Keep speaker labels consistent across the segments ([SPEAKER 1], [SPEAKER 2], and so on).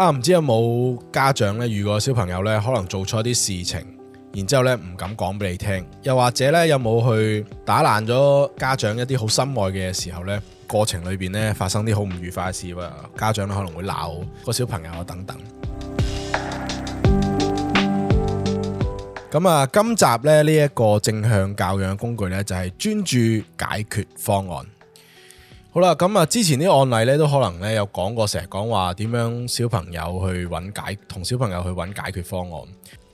[SPEAKER 1] 啊，唔知有冇家長咧，如果小朋友咧可能做錯啲事情，然之後咧唔敢講俾你聽，又或者咧有冇去打爛咗家長一啲好深愛嘅時候咧，過程裏邊咧發生啲好唔愉快嘅事啊，家長可能會鬧個小朋友啊等等。咁、嗯、啊，今集咧呢一個正向教養工具咧就係專注解決方案。好啦，咁啊，之前啲案例咧都可能咧有講過，成日講話點樣小朋友去揾解，同小朋友去揾解決方案。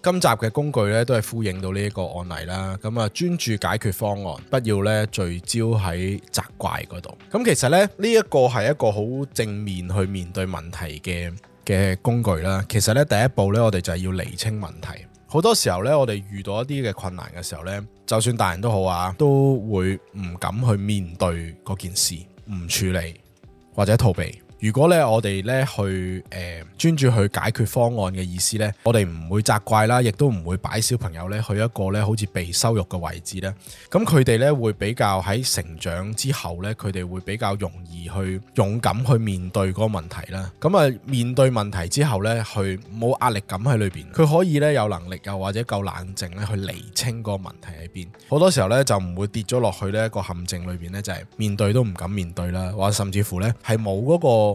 [SPEAKER 1] 今集嘅工具咧都係呼應到呢一個案例啦。咁啊，專注解決方案，不要咧聚焦喺責怪嗰度。咁其實咧呢一個係一個好正面去面對問題嘅嘅工具啦。其實咧第一步咧，我哋就係要釐清問題。好多時候咧，我哋遇到一啲嘅困難嘅時候咧，就算大人都好啊，都會唔敢去面對嗰件事。唔處理或者逃避。如果咧我哋咧去誒、呃、專注去解決方案嘅意思呢，我哋唔會責怪啦，亦都唔會擺小朋友呢去一個呢好似被羞辱嘅位置啦。咁佢哋呢會比較喺成長之後呢，佢哋會比較容易去勇敢去面對嗰個問題啦。咁啊面對問題之後呢，去冇壓力感喺裏邊，佢可以呢有能力又或者夠冷靜呢去厘清嗰個問題喺邊。好多時候呢，就唔會跌咗落去呢一個陷阱裏邊呢，就係、是、面對都唔敢面對啦，或者甚至乎呢，係冇嗰個。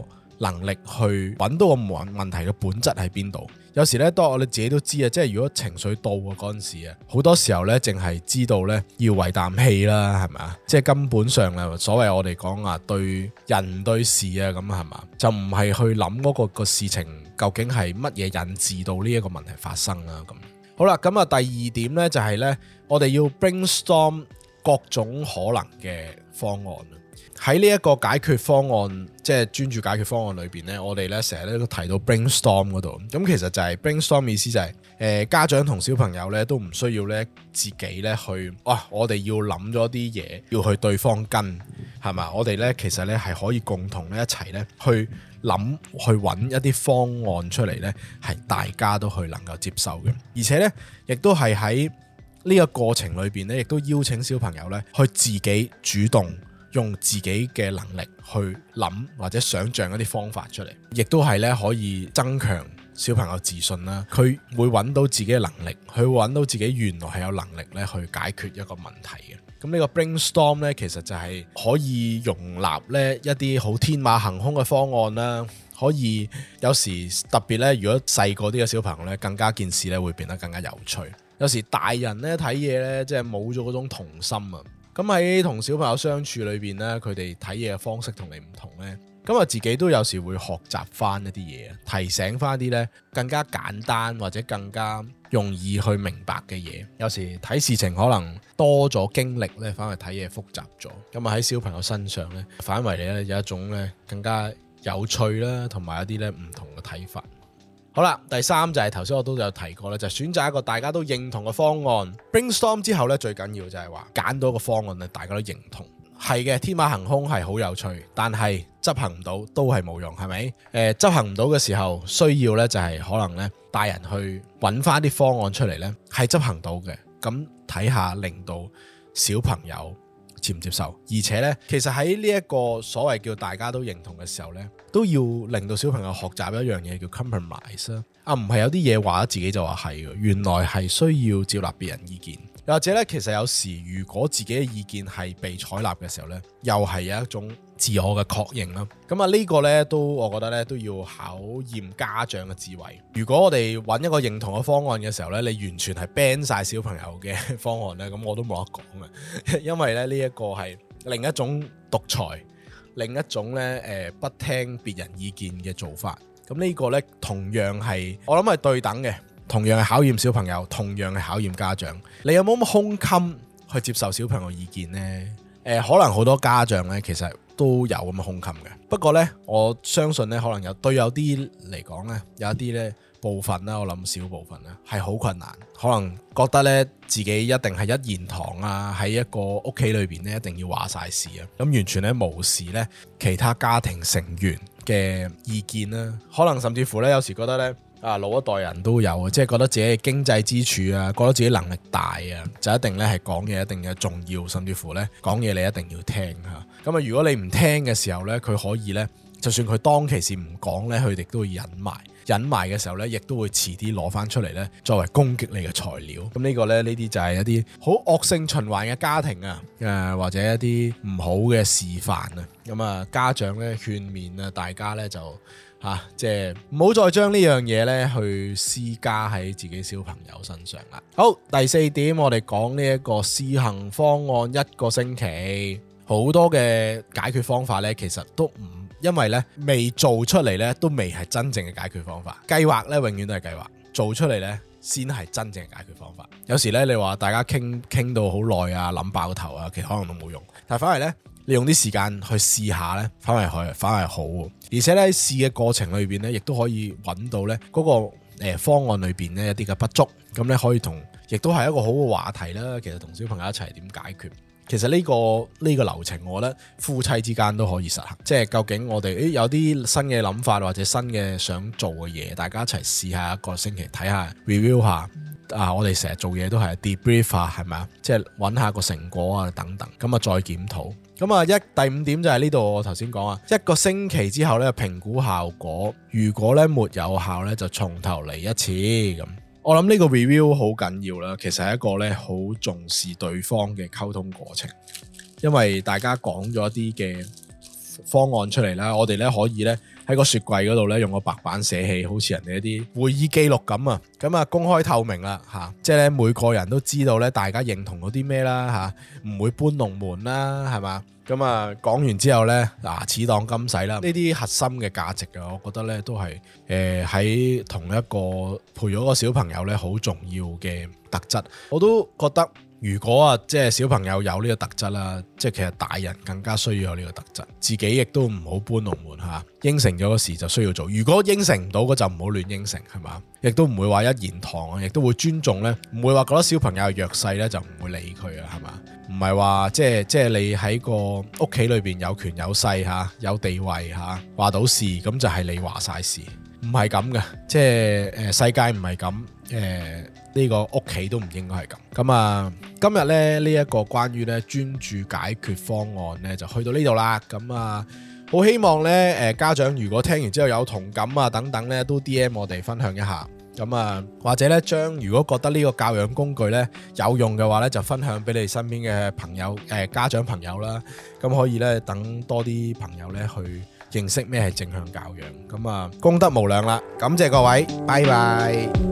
[SPEAKER 1] 能力去揾到個問題嘅本質喺邊度？有時咧，當我哋自己都知啊，即係如果情緒到啊陣時啊，好多時候咧，淨係知道咧要為啖氣啦，係咪啊？即係根本上啊所謂我哋講啊，對人對事啊，咁係嘛，就唔係去諗嗰、那個個事情究竟係乜嘢引致到呢一個問題發生啦、啊。咁好啦，咁啊第二點咧就係、是、咧，我哋要 brainstorm 各種可能嘅方案。喺呢一個解決方案，即係專注解決方案裏邊呢，我哋呢成日咧都提到 brainstorm 嗰度。咁其實就係 brainstorm 意思就係、是，誒、呃、家長同小朋友呢都唔需要呢自己呢去，哇、啊！我哋要諗咗啲嘢，要去對方跟係嘛？我哋呢其實呢係可以共同呢一齊呢去諗，去揾一啲方案出嚟呢，係大家都去能夠接受嘅。而且呢，亦都係喺呢個過程裏邊呢，亦都邀請小朋友呢去自己主動。用自己嘅能力去諗或者想象一啲方法出嚟，亦都係咧可以增強小朋友自信啦。佢會揾到自己嘅能力，佢會揾到自己原來係有能力咧去解決一個問題嘅。咁呢個 brainstorm 呢，其實就係可以容納呢一啲好天馬行空嘅方案啦。可以有時特別咧，如果細個啲嘅小朋友咧，更加件事咧會變得更加有趣。有時大人咧睇嘢呢，即係冇咗嗰種童心啊。.咁喺同小朋友相處裏邊咧，佢哋睇嘢嘅方式同你唔同呢。咁啊，自己都有時會學習翻一啲嘢，提醒翻啲呢，更加簡單或者更加容易去明白嘅嘢。有時睇事情可能多咗經歷呢，反而睇嘢複雜咗。咁啊，喺小朋友身上呢，反為你咧，有一種呢，更加有趣啦，同埋一啲呢，唔同嘅睇法。好啦，第三就係頭先我都有提過咧，就選擇一個大家都認同嘅方案。Brainstorm 之後呢，最緊要就係話揀到個方案，大家都認同。係嘅，天馬行空係好有趣，但係執行唔到都係冇用，係咪？誒、呃，執行唔到嘅時候，需要呢，就係可能呢大人去揾翻啲方案出嚟呢，係執行到嘅。咁睇下令到小朋友，接唔接受？而且呢，其實喺呢一個所謂叫大家都認同嘅時候呢，都要令到小朋友學習一樣嘢叫 compromise 啊！唔係有啲嘢話自己就話係嘅，原來係需要接納別人意見。又或者咧，其實有時如果自己嘅意見係被採納嘅時候呢，又係有一種自我嘅確認啦。咁啊，呢個呢，都我覺得呢，都要考驗家長嘅智慧。如果我哋揾一個認同嘅方案嘅時候呢，你完全係 ban 曬小朋友嘅方案呢，咁我都冇得講啊。 因為咧，呢一個係另一種獨裁，另一種呢，誒，不聽別人意見嘅做法。咁呢個呢，同樣係我諗係對等嘅。同樣係考驗小朋友，同樣係考驗家長。你有冇咁胸襟去接受小朋友意見呢？誒、呃，可能好多家長呢，其實都有咁嘅胸襟嘅。不過呢，我相信呢，可能有對有啲嚟講呢，有一啲呢部分啦，我諗少部分呢係好困難。可能覺得呢，自己一定係一言堂啊，喺一個屋企裏邊呢，一定要話晒事啊，咁、嗯、完全咧無視呢其他家庭成員嘅意見啦、啊。可能甚至乎呢，有時覺得呢。啊，老一代人都有，即係覺得自己經濟支柱啊，覺得自己能力大啊，就一定咧係講嘢一定嘅重要，甚至乎咧講嘢你一定要聽吓。咁啊，如果你唔聽嘅時候咧，佢可以咧，就算佢當其時唔講咧，佢哋都會忍埋，忍埋嘅時候咧，亦都會遲啲攞翻出嚟咧，作為攻擊你嘅材料。咁、啊這個、呢個咧，呢啲就係一啲好惡性循環嘅家庭啊，誒、啊、或者一啲唔好嘅示範啊。咁啊，家長咧勸勉啊，大家咧就。嚇，啊，即係唔好再將呢樣嘢呢去施加喺自己小朋友身上啦。好，第四點，我哋講呢一個試行方案一個星期。好多嘅解決方法呢，其實都唔，因為呢未做出嚟呢都未係真正嘅解決方法。計劃呢永遠都係計劃，做出嚟呢先係真正嘅解決方法。有時呢，你話大家傾傾到好耐啊，諗爆頭啊，其實可能都冇用。但係反而呢。你用啲時間去試下呢，反為可，反為好喎。而且呢，喺試嘅過程裏邊呢，亦都可以揾到呢嗰個方案裏邊呢一啲嘅不足，咁呢可以同，亦都係一個好嘅話題啦。其實同小朋友一齊點解決？其實呢個呢個流程，我覺得夫妻之間都可以實行。即係究竟我哋啲有啲新嘅諗法或者新嘅想做嘅嘢，大家一齊試下一個星期睇下 review 下。啊，我哋成日做嘢都係 debrief 啊，係咪啊？即係揾下個成果啊等等。咁啊再檢討。咁啊一第五點就係呢度，我頭先講啊，一個星期之後呢，評估效果。如果呢沒有效呢，就從頭嚟一次咁。我諗呢個 review 好緊要啦，其實係一個好重視對方嘅溝通過程，因為大家講咗啲嘅。方案出嚟啦，我哋咧可以咧喺個雪櫃嗰度咧用個白板寫起，好似人哋一啲會議記錄咁啊，咁啊公開透明啦，吓，即係咧每個人都知道咧大家認同嗰啲咩啦，吓，唔會搬龍門啦，係嘛？咁啊講完之後咧，牙齒當金使啦，呢啲核心嘅價值啊，我覺得咧都係誒喺同一個培養個小朋友咧好重要嘅特質，我都覺得。如果啊，即係小朋友有呢個特質啦，即係其實大人更加需要有呢個特質，自己亦都唔好搬龍門嚇。應承咗個事就需要做，如果應承唔到嗰就唔好亂應承，係嘛？亦都唔會話一言堂啊，亦都會尊重呢，唔會話覺得小朋友弱勢呢就唔會理佢啊，係嘛？唔係話即係即係你喺個屋企裏邊有權有勢嚇，有地位嚇，話到事咁就係你話晒事，唔係咁嘅，即係世界唔係咁誒。呃呢個屋企都唔應該係咁。咁啊，今日咧呢一個關於咧專注解決方案咧就去到呢度啦。咁、嗯、啊，好希望咧誒家長如果聽完之後有同感啊等等咧都 DM 我哋分享一下。咁、嗯、啊，或者咧將如果覺得呢個教養工具咧有用嘅話咧，就分享俾你身邊嘅朋友誒、呃、家長朋友啦。咁、嗯、可以咧等多啲朋友咧去認識咩係正向教養。咁、嗯、啊，功德無量啦！感謝各位，拜拜。